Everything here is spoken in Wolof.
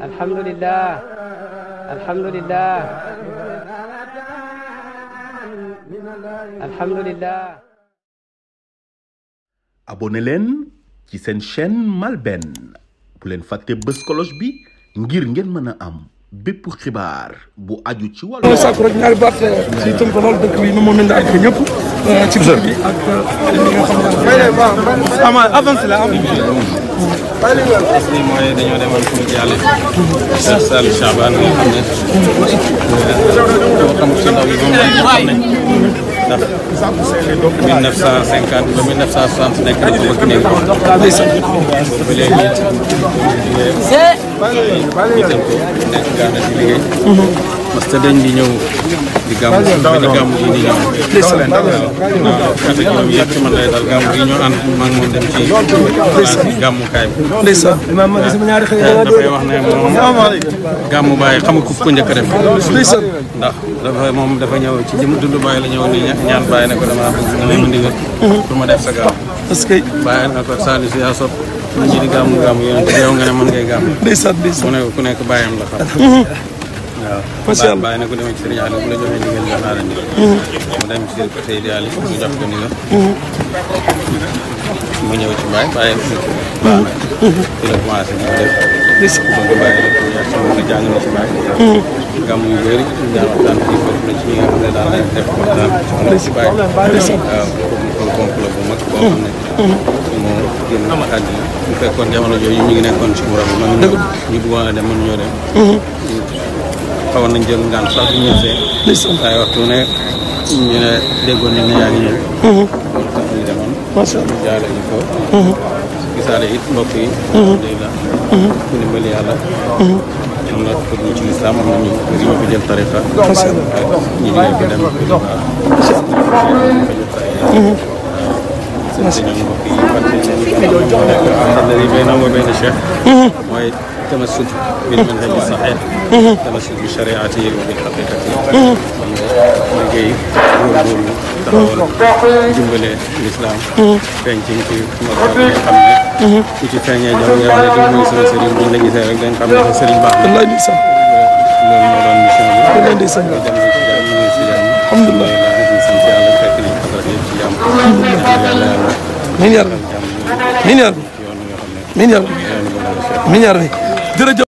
alhamdulilah alhamdulilah alhamdulilah abonné leen ci seen chaîne MALBN bu leen fàtte bës cloche bi ngir ngeen mën a am bépp xibaar bu aju ci wàllu. ma sàkku rek ñaari baat euh, ci tënk lool dëkk bi nu mu euh, euh, ak li nga xam avance la am. as ni mooy dañoo demoon pour jàlle Cheikh Saliou Chabane nga xam ne si ndaw yi moom lañ ndax 1950 ba 1960 nekk na ko Guinée ko ba léegi ñu ngi liggéey ñu itam ko nekk Ghana di liggéey parce que dañ di ñëw di gàmmu di gàmmu gi di ñëw waaw kata man lay dal gàmmu gi ñoo ànd maag moom dem ci gàmmukaay bi ndeysaan dafay wax na moom gàmmu bàyyi xamul ku ko njëkk a def ndeysaan ndax dafa moom dafa ñëw ci jëm dund bàyyi la ñëw ni ñaan bàyyi ne ko dama bëgg nga may ma ndigal pour ma def sa gàmm parce que bàyyi na ko Saliou yaa sopp ñi di gàmmu gàmmu yow nga ne mën ngay gàmm ndeysaan ndeysaan mu ne ku nekk bàyyam la xam waaw macha allah bàyyi na ko demee ci Serigne Aliou bu la joxee ndigal jox naa la ndigal. Mhm. mu dem ci Seydi Aliou mu jox ko ndigal. Mhm. mu ñëw ci Mbaye Mbaye mu ñëw ci Mbaye nag. Mhm. ci la commencé mu def. bis bu Mbaye rek réaction bi jàng na ci Mbaye. gàmm yu bëri daan waxtaan ci bokk na ci ñi nga xam ne daan nañ def waxtaan ci Mbaye. bis waaw kon kon la bu mag boo xam ne. génn àddina bu fekkoon jamono jooju ñu ngi nekkoon ci wura bi man ñu bëggoon a dem mënuñoo dem xawoon nañ jël ngaan sax ñu ñëw see. waaye waxtu ne ñu ne déggoon nañ ne yaa ngi ñëw. Mhm. ñu demoon. macha allah ñu jaale ñu ko. Mhm. gisaale it mbokk yi. Mhm. alhamdulilah. ku dimbali yàlla. ñun nag pour ñu ci lislaam am nañu ñoo ko jël tariqa. macha allah ñu ngi ko dem. macha allah. macha allah mbokk yi fàttali leen. mooy tamasut. bil manhaj sahih tanasut bi shariati wa bil haqiqati kon liggéey góorgóorlu taxawal dimbale lislaam feeñ ci ci mag nga xam ne ku ci feeñee jam nga xam ne di muy sama sëriñ buñ la gisee rek dañ xam ne sa sëriñ baax na loolu moo doon mission bi dem ci jàmm ñu ci jàmm alhamdulilah sant yàlla fekk nañ xadrat yëpp ci jàmm min yar min yar min yar min yar bi jërëjëf